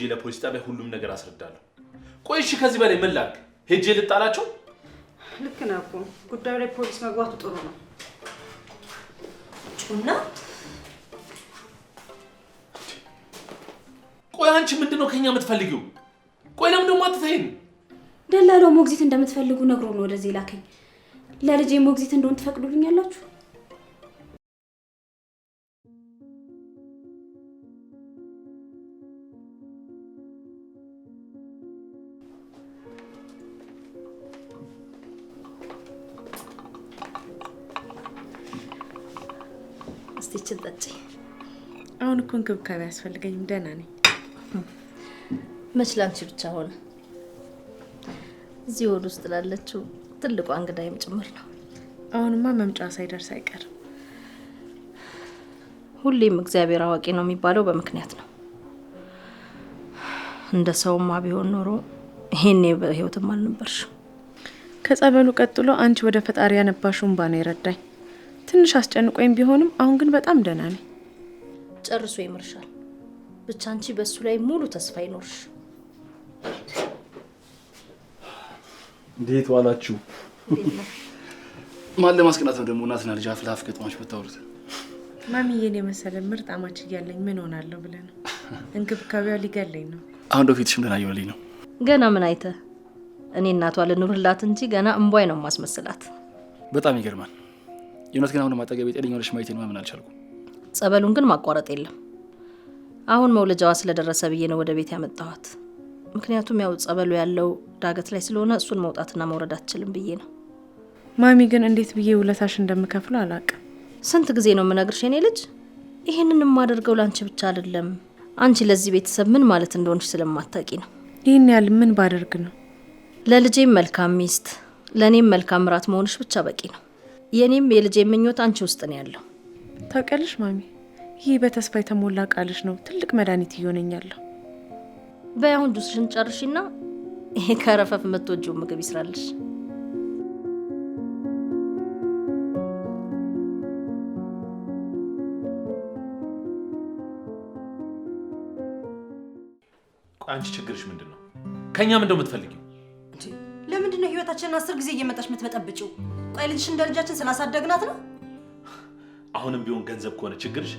ሄጄ ለፖሊስ ጣቢያ ሁሉም ነገር አስረዳለሁ። ቆይ እሺ፣ ከዚህ በላይ ምን ላድርግ? ሄጄ ልጣላቸው? ልክ ነህ እኮ ጉዳዩ ላይ ፖሊስ መግባቱ ጥሩ ነው። ጩና ቆይ አንቺ ምንድን ነው ከኛ የምትፈልጊው? ቆይ ለምን ደግሞ አትተይን? ደላላው ሞግዚት እንደምትፈልጉ ነግሮ ነው ወደዚህ ላከኝ። ለልጄ ሞግዚት እንደሆን ትፈቅዱልኛላችሁ? እስቲ ይችን ጠጪ። አሁን እኮ እንክብካቤ አያስፈልገኝም፣ ደህና ነኝ። መች ላንቺ ብቻ ሆነ፣ እዚህ ሆድ ውስጥ ላለችው ትልቋ እንግዳይም ጭምር ነው። አሁንማ መምጫ ሳይደርስ አይቀርም። ሁሌም እግዚአብሔር አዋቂ ነው የሚባለው በምክንያት ነው። እንደ ሰውማ ቢሆን ኖሮ ይሄኔ በህይወትም አልነበርሽ። ከጸበሉ ቀጥሎ አንቺ ወደ ፈጣሪ ያነባሹ እንባ ነው የረዳኝ። ትንሽ አስጨንቆኝ ቢሆንም አሁን ግን በጣም ደህና ነኝ። ጨርሶ ይምርሻል። ብቻ አንቺ በእሱ ላይ ሙሉ ተስፋ ይኖርሽ። እንዴት ዋላችሁ? ማን ለማስቀናት ነው ደግሞ እናትና ልጅ አፍላፍ ገጥማችሁ ብታወሩት? ማሚዬን የመሰለ ምርጥ አማች እያለኝ ምን ሆናለሁ ብለህ ነው? እንክብካቤዋ ሊገለኝ ነው። አሁን ደው ፊትሽም ደህና እየዋለኝ ነው። ገና ምን አይተህ? እኔ እናቷ ልኑርላት እንጂ ገና እምቧይ ነው ማስመስላት። በጣም ይገርማል። የእውነት ግን አሁን ማጠገብ የጤነኛ ሆነሽ ማየቴን ማመን አልቻልኩም። ጸበሉን ግን ማቋረጥ የለም። አሁን መውለጃዋ ስለደረሰ ብዬ ነው ወደ ቤት ያመጣኋት። ምክንያቱም ያው ጸበሉ ያለው ዳገት ላይ ስለሆነ እሱን መውጣትና መውረድ አትችልም ብዬ ነው። ማሚ ግን እንዴት ብዬ ውለታሽ እንደምከፍሉ አላቅም። ስንት ጊዜ ነው የምነግርሽ የኔ ልጅ፣ ይህንን የማደርገው ለአንቺ ብቻ አይደለም። አንቺ ለዚህ ቤተሰብ ምን ማለት እንደሆንሽ ስለማታቂ ነው። ይህን ያህል ምን ባደርግ ነው? ለልጄም መልካም ሚስት፣ ለእኔም መልካም ምራት መሆንሽ ብቻ በቂ ነው። የኔም የልጄ ምኞት አንቺ ውስጥ ነው ያለው። ታውቂያለሽ ማሚ፣ ይህ በተስፋ የተሞላ ቃልሽ ነው ትልቅ መድኃኒት እየሆነኛለሁ። በያሁን ጁስሽን ጨርሽና ይሄ ከረፈፍ የምትወጂው ምግብ ይስራልሽ። አንቺ ችግርሽ ምንድን ነው? ከእኛ ምንድነው የምትፈልጊው? ለምንድን ነው ህይወታችንን አስር ጊዜ እየመጣሽ የምትበጠብጭው? ቆይ ልጅሽ እንደ ልጃችን ስላሳደግናት ነው። አሁንም ቢሆን ገንዘብ ከሆነ ችግርሽ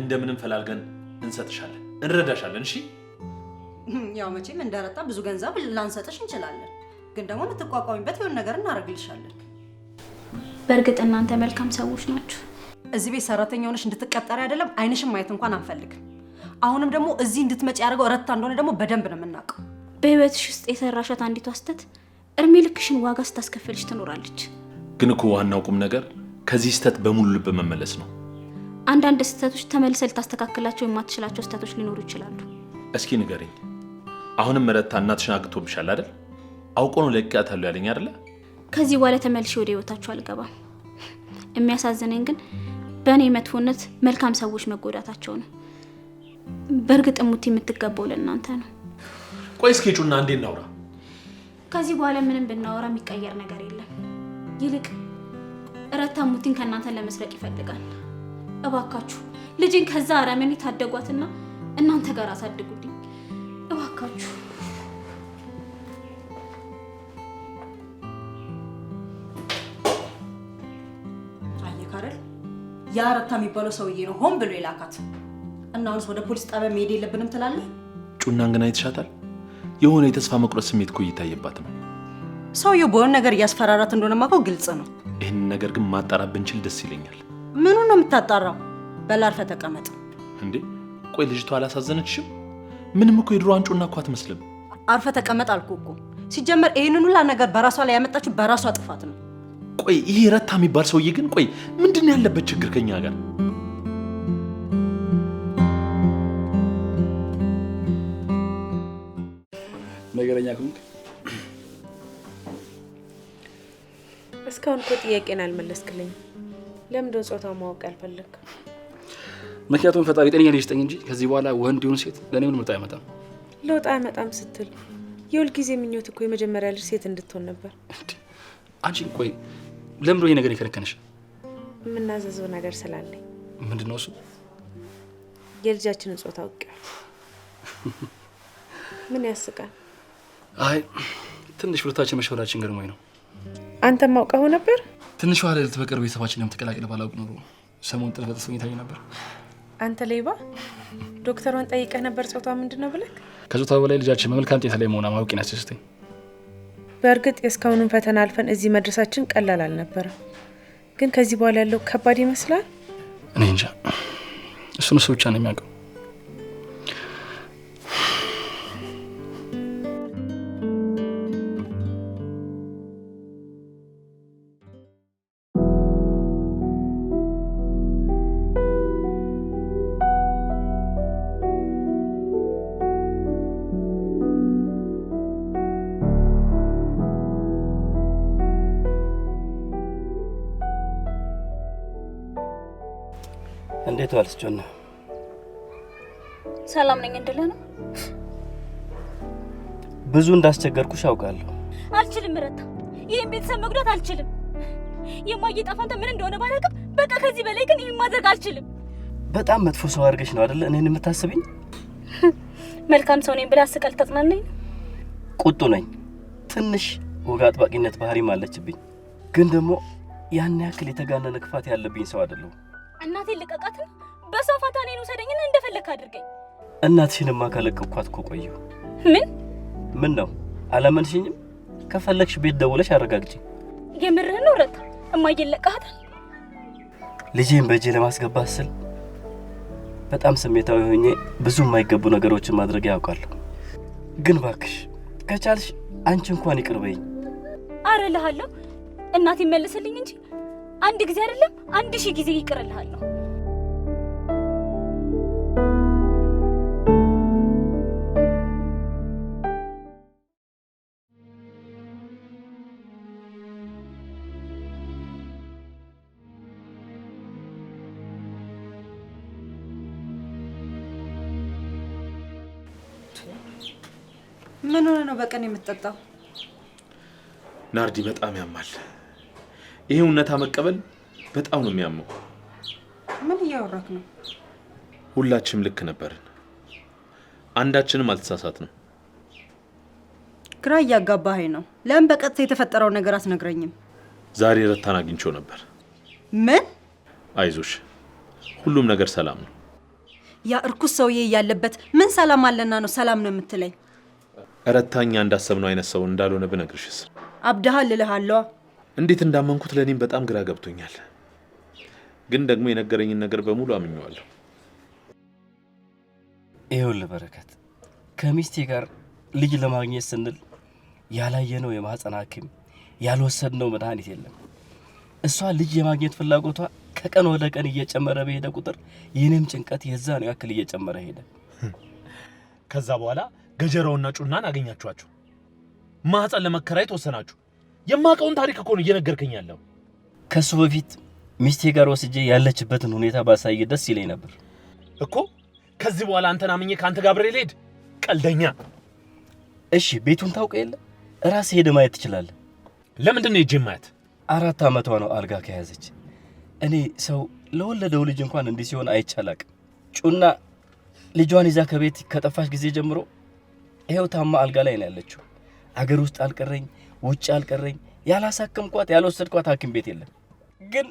እንደምንም ፈላልገን እንሰጥሻለን፣ እንረዳሻለን። እሺ ያው መቼም እንዳረጣ ብዙ ገንዘብ ላንሰጥሽ እንችላለን፣ ግን ደግሞ የምትቋቋሚበት የሆን ነገር እናደርግልሻለን። በእርግጥ እናንተ መልካም ሰዎች ናችሁ። እዚህ ቤት ሰራተኛ ሆነሽ እንድትቀጠሪ አይደለም አይንሽም ማየት እንኳን አንፈልግም። አሁንም ደግሞ እዚህ እንድትመጪ ያደርገው ረታ እንደሆነ ደግሞ በደንብ ነው የምናውቀው። በህይወትሽ ውስጥ የሰራሻት አንዲቷ ስህተት እድሜ ልክሽን ዋጋ ስታስከፍልሽ ትኖራለች። ግን እኮ ዋናው ቁም ነገር ከዚህ ስህተት በሙሉ ልብ መመለስ ነው። አንዳንድ ስህተቶች ተመልሰ ልታስተካክላቸው የማትችላቸው ስህተቶች ሊኖሩ ይችላሉ። እስኪ ንገረኝ። አሁንም ረታ እናትሽን አግብቶብሻል አይደል? አውቆ ነው ለቅቄያታለሁ ያለኝ አይደለ? ከዚህ በኋላ ተመልሼ ወደ ህይወታችሁ አልገባም። የሚያሳዝነኝ ግን በእኔ መጥፎነት መልካም ሰዎች መጎዳታቸው ነው። በእርግጥ ሙት የምትገባው ለእናንተ ነው። ቆይ እስኪ ጩና እንዴ እናውራ። ከዚህ በኋላ ምንም ብናወራ የሚቀየር ነገር የለም። ይልቅ ረታ ሙቲን ከእናንተ ለመስረቅ ይፈልጋል። እባካችሁ ልጅን ከዛ አረመኔ ታደጓትና እናንተ ጋር አሳድጉልኝ እባካችሁ። አየህ ያ ረታ የሚባለው ሰውዬ ነው ሆን ብሎ የላካት እና አሁንስ ወደ ፖሊስ ጣቢያ መሄድ የለብንም ትላለህ? ጩናን ግን አይተሻታል። የሆነ የተስፋ መቁረጥ ስሜት እኮ እየታየባት ነው ሰውየው በሆነ ነገር እያስፈራራት እንደሆነ ማኮ ግልጽ ነው። ይህንን ነገር ግን ማጣራ ብንችል ደስ ይለኛል። ምኑ ነው የምታጣራው? በላርፈ ተቀመጥ። እንዴ ቆይ ልጅቷ አላሳዘነችሽም? ምንም እኮ የድሮ አንጩና እኮ አትመስልም። አርፈ ተቀመጥ አልኩ እኮ። ሲጀመር ይህንን ሁላ ነገር በራሷ ላይ ያመጣችው በራሷ ጥፋት ነው። ቆይ ይሄ ረታ የሚባል ሰውዬ ግን ቆይ ምንድን ያለበት ችግር ከኛ ጋር? ነገረኛ እስካሁን እኮ ጥያቄን አልመለስክልኝ። ለምንድን ጾታው ማወቅ አልፈለግ? ምክንያቱም ፈጣሪ ጤነኛ ልጅ ስጠኝ እንጂ ከዚህ በኋላ ወንድ ይሁን ሴት ለእኔ ምን ምርጥ አይመጣም። ለውጥ አይመጣም ስትል የሁል ጊዜ ምኞት እኮ የመጀመሪያ ልጅ ሴት እንድትሆን ነበር። አንቺ ቆይ ለምዶ ይሄ ነገር የከነከነሽ? የምናዘዘው ነገር ስላለኝ። ምንድን ነው እሱ? የልጃችንን ጾታ አውቄዋለሁ። ምን ያስቃል? አይ ትንሽ ሁለታችን መሸወዳችን ገርሞኝ ነው። አንተ ማውቀው ነበር? ትንሿ ልዕልት በቅርብ ቤተሰባችን የምትቀላቅል ባላውቅ ኖሮ ሰሞን ጥልፈ ተሰኝታኝ ነበር። አንተ ሌባ፣ ዶክተሯን ጠይቀህ ነበር ጾታ ምንድን ነው ብለህ? ከጾታ በላይ ልጃችን በመልካም ጤና ላይ መሆኗ ማወቅ ያስደስተኝ። በእርግጥ የእስካሁኑን ፈተና አልፈን እዚህ መድረሳችን ቀላል አልነበረም። ግን ከዚህ በኋላ ያለው ከባድ ይመስላል። እኔ እንጃ፣ እሱን እሱ ብቻ ነው የሚያውቀው። እንዴት ዋልሽ ጆና? ሰላም ነኝ እንደለ ነው። ብዙ እንዳስቸገርኩሽ አውቃለሁ። አልችልም ረታ፣ ይህን ቤተሰብ መጉዳት አልችልም። የማየ ምን እንደሆነ ባላውቅም፣ በቃ ከዚህ በላይ ግን ይህን ማድረግ አልችልም። በጣም መጥፎ ሰው አድርገሽ ነው አይደለ እኔን የምታስብኝ? መልካም ሰው ነኝ ብላ አስቀል ተጥናነኝ። ቁጡ ነኝ፣ ትንሽ ወግ አጥባቂነት ባህሪም አለችብኝ። ግን ደግሞ ያን ያክል የተጋነነ ክፋት ያለብኝ ሰው አይደለሁም። እናቴን ልቀቃት። በሰው ፋንታ እኔን ውሰደኝና እንደፈለግህ አድርገኝ። እናትሽንማ ከለቀኳት እኮ ቆየሁ። ምን ምን ነው አላመንሽኝም? ከፈለግሽ ቤት ደውለሽ አረጋግጪ። የምርህን ነው ረታ? እማዬን ለቀሃታል? ልጄን በእጄ ለማስገባት ስል በጣም ስሜታዊ ሆኜ ብዙ የማይገቡ ነገሮችን ማድረግ ያውቃለሁ። ግን ባክሽ ከቻልሽ አንቺ እንኳን ይቅር አረ ልሃለሁ እናቴ መልስልኝ እንጂ አንድ ጊዜ አይደለም አንድ ሺህ ጊዜ ይቅርልሃለሁ። ምን ሆነ ነው በቀን የምትጠጣው? ናርዲ በጣም ያማል። ይሄ እውነታ መቀበል በጣም ነው የሚያመው። ምን እያወራክ ነው? ሁላችንም ልክ ነበርን፣ አንዳችንም አልተሳሳትንም። ግራ እያጋባኸኝ ነው። ለምን በቀጥታ የተፈጠረው ነገር አትነግረኝም? ዛሬ ረታን አግኝቼው ነበር። ምን? አይዞሽ፣ ሁሉም ነገር ሰላም ነው። ያ እርኩስ ሰውዬ ያለበት ምን ሰላም አለና ነው ሰላም ነው የምትለኝ? ረታኛ እንዳሰብነው አይነት ሰው እንዳልሆነ ብነግርሽስ? አብድሃል ልልሃለዋ እንዴት እንዳመንኩት ለእኔም በጣም ግራ ገብቶኛል። ግን ደግሞ የነገረኝን ነገር በሙሉ አምኘዋለሁ። ይኸውልህ በረከት፣ ከሚስቴ ጋር ልጅ ለማግኘት ስንል ያላየነው የማህፀን ሐኪም ያልወሰድነው መድኃኒት የለም። እሷ ልጅ የማግኘት ፍላጎቷ ከቀን ወደ ቀን እየጨመረ በሄደ ቁጥር የኔም ጭንቀት የዛ ነው ያክል እየጨመረ ሄደ። ከዛ በኋላ ገጀራውና ጩናን አገኛችኋቸው፣ ማህፀን ለመከራየት ወሰናችሁ። የማውቀውን ታሪክ እኮ ነው እየነገርከኝ ያለው። ከእሱ በፊት ሚስቴ ጋር ወስጄ ያለችበትን ሁኔታ ባሳየ ደስ ይለኝ ነበር እኮ። ከዚህ በኋላ አንተን አምኜ ከአንተ ጋር አብሬ ልሄድ? ቀልደኛ። እሺ ቤቱን ታውቀ የለ ራስ ሄደ ማየት ትችላለ? ለምንድን ነው ሄጄ ማየት? አራት ዓመቷ ነው አልጋ ከያዘች። እኔ ሰው ለወለደው ልጅ እንኳን እንዲህ ሲሆን አይቻላቅ። ጩና ልጇን ይዛ ከቤት ከጠፋች ጊዜ ጀምሮ ይኸው ታማ አልጋ ላይ ነው ያለችው። አገር ውስጥ አልቀረኝ ውጭ ያልቀረኝ ያላሳከምኳት ያልወሰድኳት ሐኪም ቤት የለም። ግን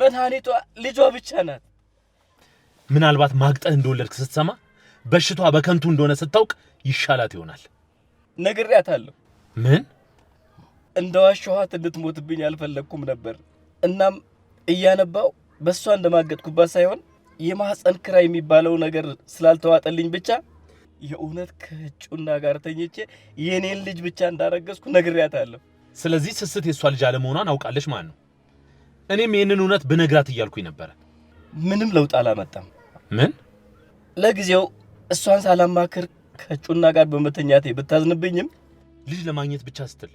መድኃኒቷ ልጇ ብቻ ናት። ምናልባት ማግጠህ እንደወለድክ ስትሰማ በሽቷ በከንቱ እንደሆነ ስታውቅ ይሻላት ይሆናል። ነግሬያታለሁ። ምን እንደ ዋሸኋት እንድትሞትብኝ አልፈለግኩም ነበር። እናም እያነባው በእሷ እንደማገጥኩባት ሳይሆን የማህፀን ክራ የሚባለው ነገር ስላልተዋጠልኝ ብቻ የእውነት ከጩና ጋር ተኝቼ የኔን ልጅ ብቻ እንዳረገዝኩ ነግሬያታለሁ። ስለዚህ ስስት የእሷ ልጅ አለመሆኗን አውቃለች ማለት ነው። እኔም ይህንን እውነት ብነግራት እያልኩኝ ነበረ። ምንም ለውጥ አላመጣም። ምን ለጊዜው እሷን ሳላማክር ከጩና ጋር በመተኛቴ ብታዝንብኝም ልጅ ለማግኘት ብቻ ስትል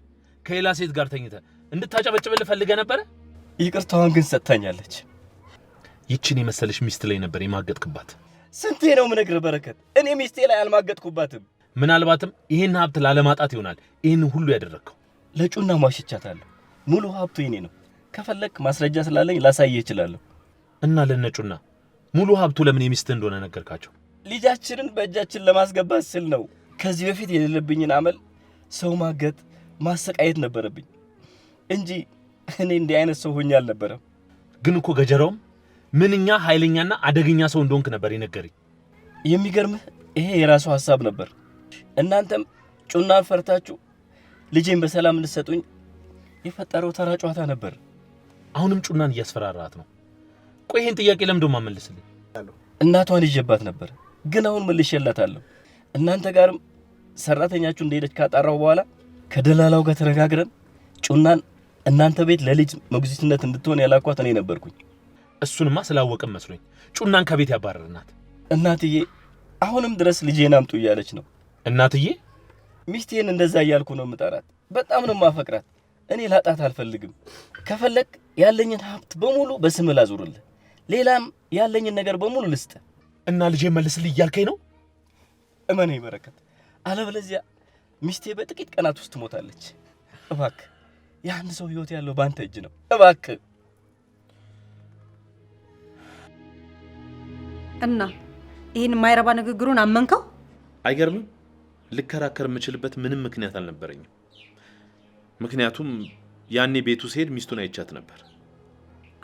ከሌላ ሴት ጋር ተኝተ እንድታጨበጭብል ፈልገ ነበረ። ይቅርታዋን ግን ሰጥታኛለች። ይችን የመሰለች ሚስት ላይ ነበር የማገጥክባት። ስንቴ ነው ምነግር በረከት፣ እኔ ሚስቴ ላይ አልማገጥኩባትም። ምናልባትም ይህን ሀብት ላለማጣት ይሆናል ይህን ሁሉ ያደረግከው። ለጩና ማሽቻታለሁ። ሙሉ ሀብቱ የኔ ነው። ከፈለግ ማስረጃ ስላለኝ ላሳየ እችላለሁ። እና ለነጩና ሙሉ ሀብቱ ለምን የሚስት እንደሆነ ነገርካቸው? ልጃችንን በእጃችን ለማስገባት ስል ነው። ከዚህ በፊት የሌለብኝን አመል ሰው ማገጥ ማሰቃየት ነበረብኝ እንጂ እኔ እንዲህ አይነት ሰው ሆኜ አልነበረም። ግን እኮ ገጀራውም ምንኛ ኃይለኛና አደገኛ ሰው እንደሆንክ ነበር የነገረኝ። የሚገርምህ ይሄ የራሱ ሀሳብ ነበር። እናንተም ጩናን ፈርታችሁ ልጄን በሰላም እንድትሰጡኝ የፈጠረው ተራ ጨዋታ ነበር። አሁንም ጩናን እያስፈራራት ነው። ቆይ ይህን ጥያቄ ለምዶ ማመልስልኝ። እናቷን ይዤባት ነበር፣ ግን አሁን መልሼላታለሁ። እናንተ ጋርም ሰራተኛችሁ እንደሄደች ካጣራው በኋላ ከደላላው ጋር ተነጋግረን ጩናን እናንተ ቤት ለልጅ መጉዚትነት እንድትሆን ያላኳት እኔ ነበርኩኝ። እሱንማ ስላወቅም መስሎኝ ጩናን ከቤት ያባረርናት። እናትዬ አሁንም ድረስ ልጄን አምጡ እያለች ነው። እናትዬ ሚስቴን እንደዛ እያልኩ ነው የምጠራት። በጣም ነው ማፈቅራት። እኔ ላጣት አልፈልግም። ከፈለግ ያለኝን ሀብት በሙሉ በስምህ ላዙርልህ፣ ሌላም ያለኝን ነገር በሙሉ ልስጥ እና ልጄ መልስልህ እያልከኝ ነው? እመኔ በረከት፣ አለበለዚያ ሚስቴ በጥቂት ቀናት ውስጥ ትሞታለች። እባክህ የአንድ ሰው ህይወት ያለው በአንተ እጅ ነው። እባክህ እና ይህን የማይረባ ንግግሩን አመንከው? አይገርምም። ልከራከር የምችልበት ምንም ምክንያት አልነበረኝም። ምክንያቱም ያኔ ቤቱ ስሄድ ሚስቱን አይቻት ነበር።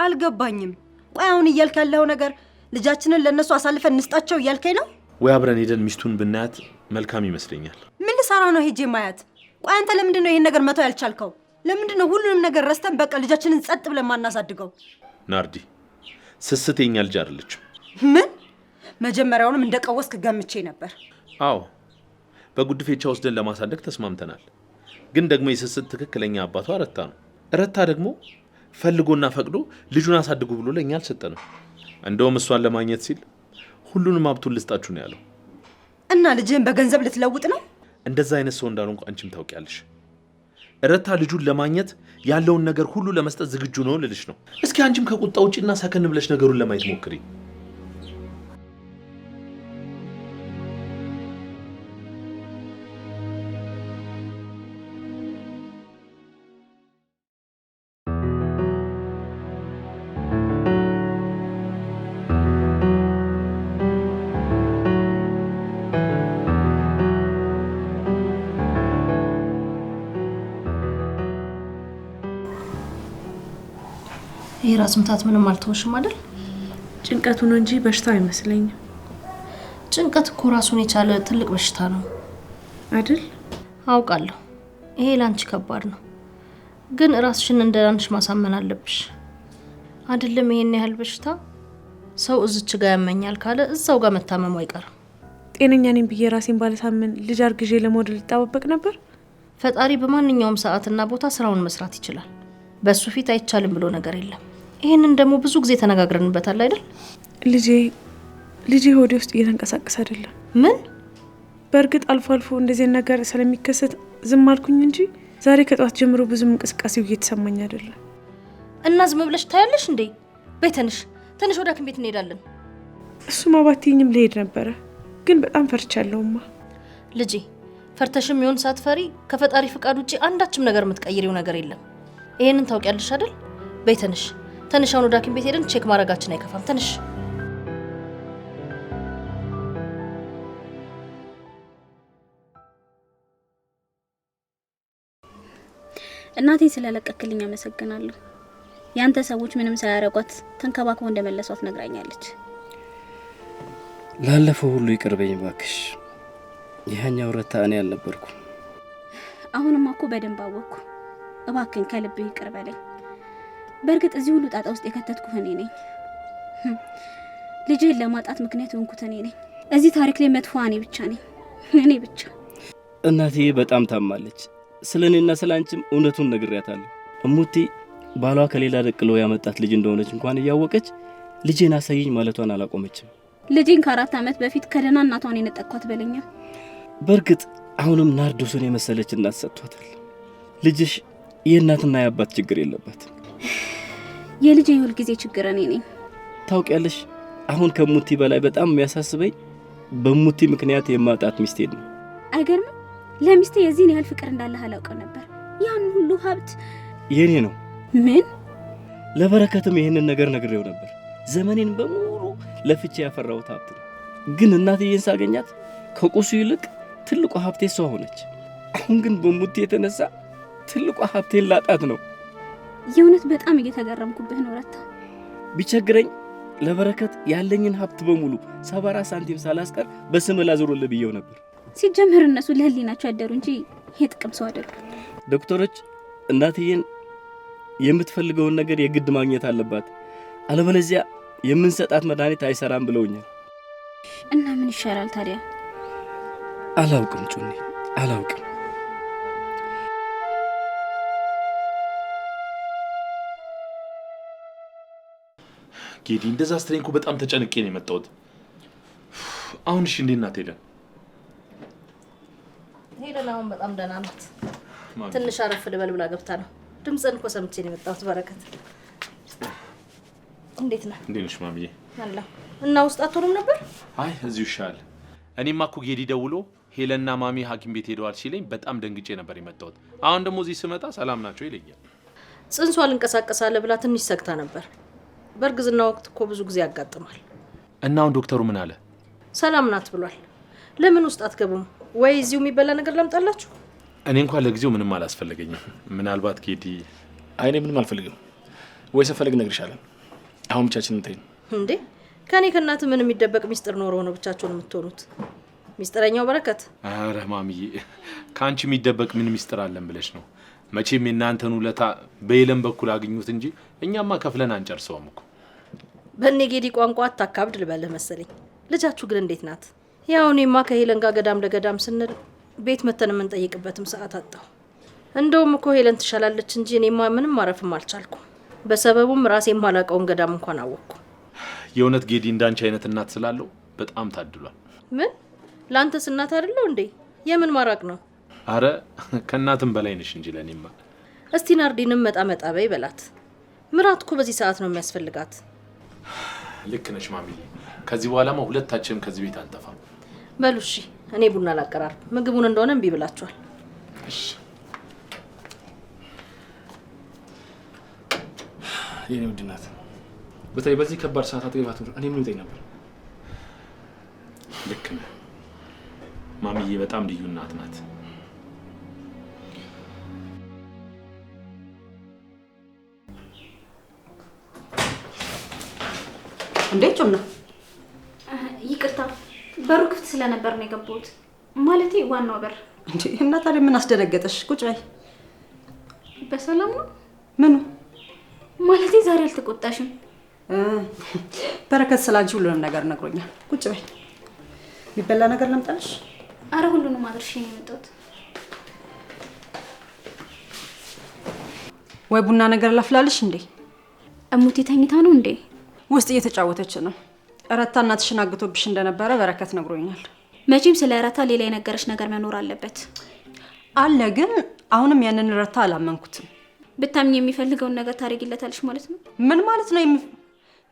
አልገባኝም። ቆይ አሁን እያልክ ያለው ነገር ልጃችንን ለእነሱ አሳልፈን እንስጣቸው እያልከኝ ነው? ወይ አብረን ሄደን ሚስቱን ብናያት መልካም ይመስለኛል። ምን ልሰራ ነው ሄጄ ማያት? ቆይ አንተ ለምንድን ነው ይህን ነገር መተው ያልቻልከው? ለምንድን ነው ሁሉንም ነገር ረስተን በቃ ልጃችንን ጸጥ ብለን ማናሳድገው? ናርዲ ስስቴኛ ልጅ አይደለችም። ምን መጀመሪያውንም እንደ ቀወስክ ገምቼ ነበር። አዎ በጉድፌቻ ወስደን ለማሳደግ ተስማምተናል። ግን ደግሞ የስስት ትክክለኛ አባቷ እረታ ነው። ረታ ደግሞ ፈልጎና ፈቅዶ ልጁን አሳድጉ ብሎ ለእኛ አልሰጠንም። እንደውም እሷን ለማግኘት ሲል ሁሉንም ሀብቱን ልስጣችሁ ነው ያለው። እና ልጅህን በገንዘብ ልትለውጥ ነው? እንደዛ አይነት ሰው እንዳልሆንኩ አንቺም ታውቂያለሽ። ረታ ልጁን ለማግኘት ያለውን ነገር ሁሉ ለመስጠት ዝግጁ ነው ልልሽ ነው። እስኪ አንቺም ከቁጣ ውጪና ሰከን ብለሽ ነገሩን ለማየት ሞክሪ። ይሄ ራስ ምታት ምንም አልተወሽም አይደል? ጭንቀቱ ነው እንጂ በሽታ አይመስለኝም። ጭንቀት እኮ ራሱን የቻለ ትልቅ በሽታ ነው አይደል? አውቃለሁ። ይሄ ላንቺ ከባድ ነው፣ ግን ራስሽን እንደ ማሳመን አለብሽ። አይደለም ይሄን ያህል በሽታ ሰው እዝች ጋር ያመኛል ካለ እዛው ጋር መታመሙ አይቀርም። ጤነኛ ነኝ ብዬ ራሴን ባለሳምን ልጅ አርግዤ ለመውለድ ልጠባበቅ ነበር። ፈጣሪ በማንኛውም ሰዓትና ቦታ ስራውን መስራት ይችላል። በእሱ ፊት አይቻልም ብሎ ነገር የለም። ይህንን ደግሞ ብዙ ጊዜ ተነጋግረንበታል አይደል? ልጄ ልጄ ሆዴ ውስጥ እየተንቀሳቀስ አይደለም። ምን? በእርግጥ አልፎ አልፎ እንደዚህ ነገር ስለሚከሰት ዝም አልኩኝ እንጂ ዛሬ ከጠዋት ጀምሮ ብዙም እንቅስቃሴው እየተሰማኝ አይደለም። እና ዝም ብለሽ ታያለሽ እንዴ? በይ ትንሽ ወደ ሐኪም ቤት እንሄዳለን። እሱ ባትይኝም ልሄድ ነበረ፣ ግን በጣም ፈርቻለሁማ። ልጄ ፈርተሽም ይሆን ሳትፈሪ ከፈጣሪ ፍቃድ ውጭ አንዳችም ነገር የምትቀይሪው ነገር የለም። ይህንን ታውቂያለሽ አይደል? በይ ትንሽ አሁን ወደ ሐኪም ቤት ሄደን ቼክ ማድረጋችን አይከፋም። ትንሽ እናቴ ስለለቀክልኝ አመሰግናለሁ። ያንተ ሰዎች ምንም ሳያረጓት ተንከባክቦ እንደመለሷት ነግራኛለች። ላለፈው ሁሉ ይቅርበኝ በይኝ እባክሽ። ይህኛው ረታ እኔ አልነበርኩም። አሁንማ እኮ በደንብ አወቅኩ። እባክን ከልብ ይቅር በእርግጥ እዚህ ሁሉ ጣጣ ውስጥ የከተትኩ እኔ ነኝ። hm. ልጅህን ለማጣት ምክንያት የሆንኩት እኔ ነኝ። እዚህ ታሪክ ላይ መጥፎ እኔ ብቻ ነኝ፣ እኔ ብቻ። እናቴ በጣም ታማለች። ስለ እኔና ስለ አንቺም እውነቱን ነግሬያታለሁ። እሙቴ ባሏ ከሌላ ደቅሎ ያመጣት ልጅ እንደሆነች እንኳን እያወቀች ልጄን አሳየኝ ማለቷን አላቆመችም። ልጄን ከአራት ዓመት በፊት ከደህና እናቷን የነጠቅኳት በለኛ። በእርግጥ አሁንም ናርዶሱን የመሰለች እናት ሰጥቷታል። ልጅሽ የእናትና የአባት ችግር የለባት የልጅ የሁል ጊዜ ችግር እኔ ነኝ። ታውቂያለሽ፣ አሁን ከሙቲ በላይ በጣም የሚያሳስበኝ በሙቲ ምክንያት የማጣት ሚስቴ ነው። አይገርምም? ለሚስቴ የዚህን ያህል ፍቅር እንዳለህ አላውቀው ነበር። ያን ሁሉ ሀብት የኔ ነው። ምን? ለበረከትም ይህንን ነገር ነግሬው ነበር። ዘመኔን በሙሉ ለፍቼ ያፈራሁት ሀብት ነው። ግን እናትዬን ሳገኛት ከቁሱ ይልቅ ትልቋ ሀብቴ እሷ ሆነች። አሁን ግን በሙቲ የተነሳ ትልቋ ሀብቴን ላጣት ነው። የእውነት በጣም እየተገረምኩብህ ነው ረታ። ቢቸግረኝ ለበረከት ያለኝን ሀብት በሙሉ ሰባራ ሳንቲም ሳላስቀር በስም ላዞርልህ ብየው ነበር። ሲጀምር እነሱ ለህሊናቸው ያደሩ እንጂ የጥቅም ሰው አይደሉም። ዶክተሮች እናትዬን የምትፈልገውን ነገር የግድ ማግኘት አለባት፣ አለበለዚያ የምንሰጣት መድኃኒት አይሰራም ብለውኛል። እና ምን ይሻላል ታዲያ? አላውቅም ጩኔ፣ አላውቅም ጌዲ፣ እንደዛ ስትሬንኩ በጣም ተጨንቄ ነው የመጣሁት። አሁን እሺ፣ እንዴት ናት ሄለን? ሄለን አሁን በጣም ደህና ናት። ትንሽ አረፍ ልበል ብላ ገብታ ነው። ድምፅን እኮ ሰምቼ ነው የመጣሁት። በረከት እንዴት ነህ? እንዴት ነሽ ማሚዬ? አለሁ። እና ውስጥ አትሆኑም ነበር? አይ እዚሁ ይሻላል። እኔማ እኮ ጌዲ ደውሎ ሄለንና ማሚ ሐኪም ቤት ሄደዋል ሲለኝ በጣም ደንግጬ ነበር የመጣሁት። አሁን ደግሞ እዚህ ስመጣ ሰላም ናቸው ይለኛል። ጽንሷ ልንቀሳቀሳለ ብላ ትንሽ ሰግታ ነበር። በእርግዝና ወቅት እኮ ብዙ ጊዜ ያጋጥማል። እና አሁን ዶክተሩ ምን አለ? ሰላም ናት ብሏል። ለምን ውስጥ አትገቡም ወይ? እዚሁ የሚበላ ነገር ላምጣላችሁ? እኔ እንኳን ለጊዜው ምንም አላስፈለገኝም። ምናልባት ጌዲ። አይኔ ምንም አልፈልግም። ወይ ስፈልግ እነግርሻለሁ። አሁን ብቻችን እንተኝ። እንዴ ከእኔ ከእናት ምን የሚደበቅ ሚስጥር ኖሮ ነው ብቻችሁን የምትሆኑት? ሚስጥረኛው በረከት። ኧረ ማሚዬ ከአንቺ የሚደበቅ ምን ሚስጥር አለን ብለሽ ነው? መቼም የእናንተን ውለታ በየለም በኩል አግኙት እንጂ እኛማ ከፍለን አንጨርሰውም እኮ ጌዲ ቋንቋ አታካብድ ልበልህ መሰለኝ። ልጃችሁ ግን እንዴት ናት? ያው እኔማ ከሄለን ጋር ገዳም ለገዳም ስንል ቤት መተን የምንጠይቅበትም ሰዓት አጣሁ። እንደውም እኮ ሄለን ትሻላለች እንጂ እኔማ ምንም ማረፍም አልቻልኩም። በሰበቡም ራሴ የማላውቀውን ገዳም እንኳን አወቅኩ። የእውነት ጌዲ እንዳንቺ አይነት እናት ስላለው በጣም ታድሏል። ምን ለአንተስ እናት አይደለሁ እንዴ? የምን ማራቅ ነው? አረ ከእናትም በላይ ነሽ እንጂ ለእኔማ። እስቲ ናርዲንም መጣ መጣ በይ በላት። ምራት እኮ በዚህ ሰዓት ነው የሚያስፈልጋት። ልክ ነሽ ማሚዬ። ከዚህ በኋላማ ሁለታችንም ከዚህ ቤት አንጠፋም። በሉ እሺ፣ እኔ ቡና ላቀራርብ። ምግቡን እንደሆነ እምቢ ብላችኋል። የኔ ውድ እናት፣ በተለይ በዚህ ከባድ ሰዓት አጠገባት እኔ ምን ይውጠኝ ነበር። ልክ ነህ ማሚዬ፣ በጣም ልዩ እናት ናት። እንዴ ጭምና ይቅርታ፣ በሩ ክፍት ስለነበር ነው የገባሁት። ማለቴ ዋናው በር። እንዴ እና ታዲያ ምን አስደነገጠሽ? ቁጭ በይ። በሰላም ነው? ምኑ? ማለቴ ዛሬ አልተቆጣሽም? በረከት ስላንቺ ሁሉንም ነገር ነግሮኛል። ቁጭ በይ። የሚበላ ነገር ለምጣልሽ አረ ሁሉንም አድርሽ ነው የመጣሁት። ወይ ቡና ነገር ላፍላልሽ? እንዴ እሙቴ ተኝታ ነው እንዴ? ውስጥ እየተጫወተች ነው። እረታ እናትሽን አግቶብሽ እንደነበረ በረከት ነግሮኛል። መቼም ስለ እረታ ሌላ የነገረች ነገር መኖር አለበት አለ። ግን አሁንም ያንን እረታ አላመንኩትም። ብታምኝ የሚፈልገውን ነገር ታደርጊለታለሽ ማለት ነው? ምን ማለት ነው?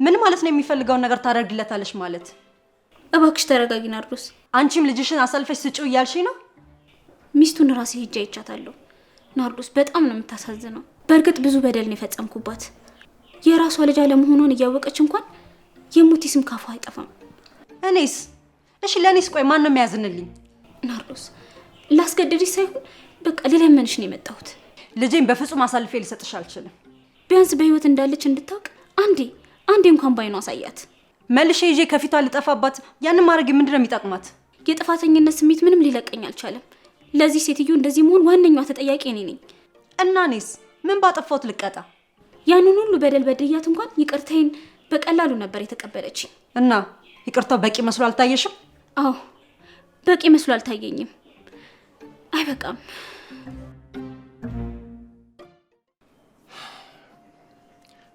ምን ማለት ነው? የሚፈልገውን ነገር ታደርጊለታለሽ ማለት እባክሽ ተረጋጊ ናርዶስ። አንቺም ልጅሽን አሳልፈሽ ስጪው እያልሽ ነው። ሚስቱን ራሴ ሄጄ አይቻታለሁ ናርዶስ። በጣም ነው የምታሳዝነው። በእርግጥ ብዙ በደል ነው የፈጸምኩባት የራሷ ልጅ አለመሆኗን እያወቀች እንኳን የሙቲ ስም ካፏ አይጠፋም። እኔስ እሺ፣ ለእኔስ ቆይ ማን ነው የሚያዝንልኝ? ናርዶስ፣ ላስገድድሽ ሳይሆን በቃ ልለመንሽ ነው የመጣሁት። ልጄን በፍጹም አሳልፌ ልሰጥሽ አልችልም። ቢያንስ በህይወት እንዳለች እንድታውቅ አንዴ አንዴ እንኳን ባይኗ አሳያት። መልሼ ይዤ ከፊቷ ልጠፋባት። ያንን ማድረግ ምንድነው ነው የሚጠቅማት? የጥፋተኝነት ስሜት ምንም ሊለቀኝ አልቻለም። ለዚህ ሴትዮ እንደዚህ መሆን ዋነኛዋ ተጠያቂ እኔ ነኝ። እና እኔስ ምን ባጠፋሁት ልቀጣ? ያንን ሁሉ በደል በድያት እንኳን ይቅርታዬን በቀላሉ ነበር የተቀበለች። እና ይቅርታው በቂ መስሎ አልታየሽም? አዎ በቂ መስሎ አልታየኝም። አይበቃም።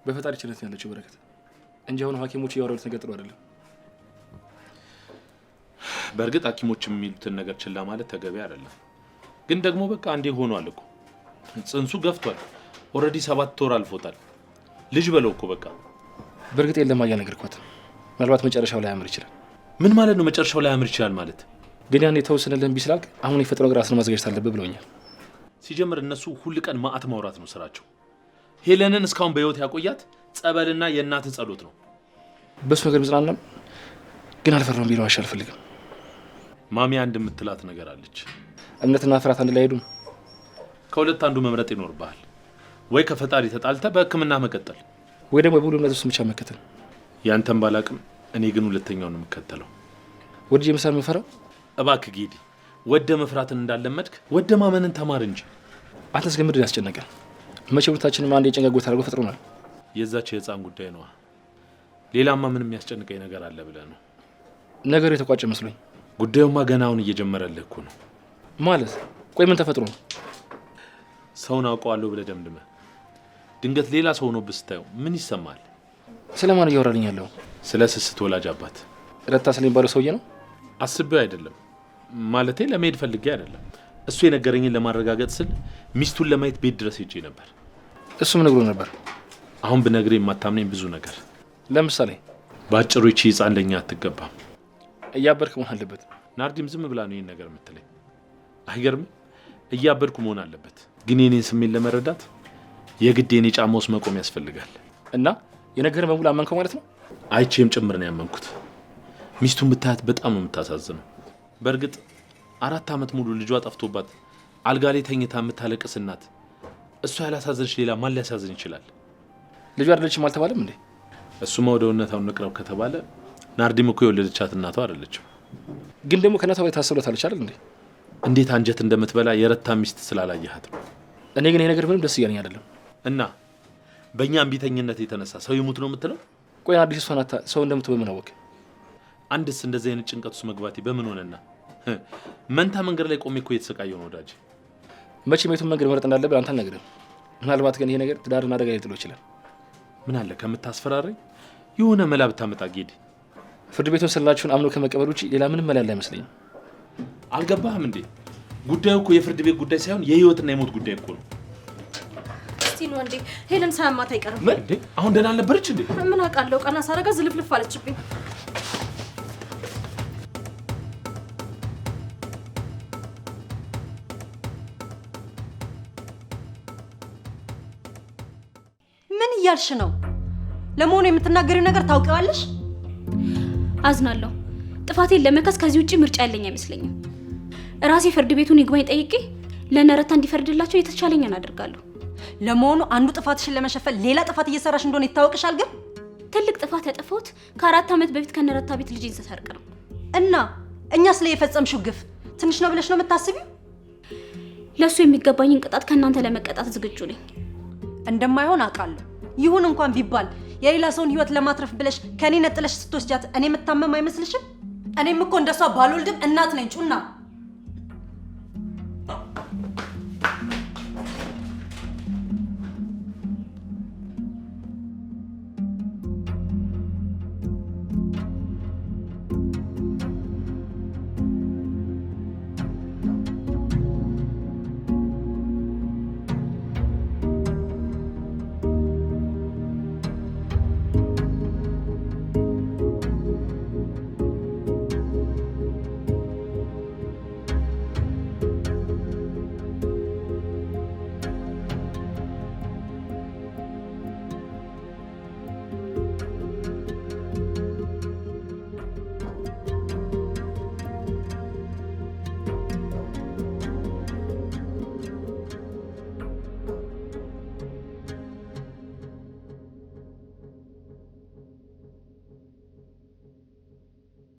በፈጣሪ ችለት ነው ያለችው በረከት እንጂ አሁን ሐኪሞች እያወረዱት ነገር ጥሩ አይደለም። በእርግጥ ሐኪሞች የሚሉትን ነገር ችላ ማለት ተገቢ አይደለም። ግን ደግሞ በቃ እንዲህ ሆኗል እኮ ጽንሱ ገፍቷል። ኦልሬዲ ሰባት ወር አልፎታል። ልጅ በለው እኮ በቃ። በእርግጥ የለም አልነገርኳትም። ምናልባት መጨረሻው ላይ ያምር ይችላል። ምን ማለት ነው መጨረሻው ላይ ያምር ይችላል ማለት? ግን ያን የተወሰነልን ቢስላክ አሁን የፈጥሮ ነገር ማዘጋጀት አለብህ ብለውኛል። ሲጀምር እነሱ ሁል ቀን ማአት ማውራት ነው ስራቸው። ሄለንን እስካሁን በህይወት ያቆያት ጸበልና የእናት ጸሎት ነው። በሱ ነገር ምጽናናም፣ ግን አልፈራም ቢለው አሻ አልፈልግም። ማሚ አንድ የምትላት ነገር አለች። እምነትና ፍርሃት አንድ ላይ አይሄዱም። ከሁለት አንዱ መምረጥ ይኖርብሃል። ወይ ከፈጣሪ ተጣልተ በህክምና መቀጠል ወይ ደግሞ የቡድ እምነት ውስጥ ብቻ መከተል። ያንተን ባላቅም እኔ ግን ሁለተኛውን የምከተለው ወድ የምሳን የምፈራው እባክ ጌዲ፣ ወደ መፍራትን እንዳለመድክ ወደ ማመንን ተማር እንጂ አታስገምድን። ያስጨነቀን መቼ ሁለታችንም አንድ የጭንቀት ጎታ አድርጎ ፈጥሮናል። የዛች የህፃን ጉዳይ ነዋ። ሌላማ ምን የሚያስጨንቀኝ ነገር አለ ብለህ ነው? ነገሩ የተቋጨ መስሎኝ። ጉዳዩማ ገና አሁን እየጀመረልህ እኮ ነው። ማለት ቆይ ምን ተፈጥሮ ነው? ሰውን አውቀዋለሁ ብለህ ደምድመህ ድንገት ሌላ ሰው ሆኖ ብስታየው ምን ይሰማል? ስለ ማን እያወራልኝ ያለው? ስለ ስስት ወላጅ አባት ረታ ስለሚባለው ሰውዬ ነው። አስቤው አይደለም ማለቴ ለመሄድ ፈልጌ አይደለም። እሱ የነገረኝን ለማረጋገጥ ስል ሚስቱን ለማየት ቤት ድረስ ሄጄ ነበር። እሱም ነግሮ ነበር። አሁን ብነግር የማታምነኝ ብዙ ነገር፣ ለምሳሌ በአጭሩ ይቺ ህፃን ለኛ አትገባም። እያበድክ መሆን አለበት። ናርዲም ዝም ብላ ነው ይህን ነገር የምትለኝ። አይገርምም? እያበድኩ መሆን አለበት። ግን የኔን ስሜት ለመረዳት የግድ የኔ ጫማ ውስጥ መቆም ያስፈልጋል። እና የነገር በሙሉ አመንከው ማለት ነው? አይቼም ጭምር ነው ያመንኩት። ሚስቱን ብታያት በጣም ነው የምታሳዝነው። በእርግጥ አራት ዓመት ሙሉ ልጇ ጠፍቶባት አልጋ ላይ ተኝታ የምታለቅስ እናት እሷ ያላሳዘንች ሌላ ማን ሊያሳዝን ይችላል? ልጇ አይደለችም አልተባለም እንዴ? እሱማ ወደ እውነታውን ንቅረብ ከተባለ ናርዲም እኮ የወለደቻት እናቷ አይደለችም። ግን ደግሞ ከእናቷ ላይ ታሰብሎታለች አይደል እንዴ? እንዴት አንጀት እንደምትበላ የረታ ሚስት ስላላየሃት ነው። እኔ ግን ይሄ ነገር ምንም ደስ እያለኝ አይደለም። እና በእኛ እምቢተኝነት የተነሳ ሰው ይሙት ነው የምትለው? ቆይ አዲስ እሷናታ ሰው እንደምት በምን አወቅ? አንድስ እንደዚህ አይነት ጭንቀት ውስጥ መግባቴ በምን ሆነና? መንታ መንገድ ላይ ቆሜ እኮ እየተሰቃየሁ ነው ወዳጅ። መቼም የቱን መንገድ መረጥ እንዳለብን አንተ አልነግርህም። ምናልባት ግን ይሄ ነገር ትዳርን አደጋ ሊጥሎ ይችላል። ምን አለ ከምታስፈራረኝ የሆነ መላ ብታመጣ ጌድ። ፍርድ ቤቱን ስላችሁን አምኖ ከመቀበል ውጭ ሌላ ምንም መላ ያለ አይመስለኝም። አልገባህም እንዴ? ጉዳዩ እኮ የፍርድ ቤት ጉዳይ ሳይሆን የህይወትና የሞት ጉዳይ እኮ ነው። እውነቴን ነው እንዴ? ሄለን ሳያማት አይቀርም እንዴ? አሁን ደህና አልነበረች እንዴ? ምን አውቃለሁ፣ ቀና ሳረጋ ዝልፍልፍ አለችብኝ። ምን እያልሽ ነው? ለመሆኑ የምትናገሪው ነገር ታውቂዋለሽ? አዝናለሁ። ጥፋቴን ለመካስ ከዚህ ውጭ ምርጫ ያለኝ አይመስለኝም። ራሴ ፍርድ ቤቱን ይግባኝ ጠይቄ ለነረታ እንዲፈርድላቸው የተቻለኝን አደርጋለሁ። ለመሆኑ አንዱ ጥፋትሽን ለመሸፈል ሌላ ጥፋት እየሰራሽ እንደሆነ ይታወቅሻል። ግን ትልቅ ጥፋት ያጠፋሁት ከአራት ዓመት በፊት ከነረታ ቤት ልጅ ስሰርቅ ነው። እና እኛ ስለ የፈጸምሽው ግፍ ትንሽ ነው ብለሽ ነው የምታስቢው? ለእሱ የሚገባኝን ቅጣት ከእናንተ ለመቀጣት ዝግጁ ነኝ። እንደማይሆን አውቃለሁ። ይሁን እንኳን ቢባል የሌላ ሰውን ህይወት ለማትረፍ ብለሽ ከእኔ ነጥለሽ ስትወስጃት እኔ የምታመም አይመስልሽም? እኔም እኮ እንደሷ ባልወልድም እናት ነኝ ጩና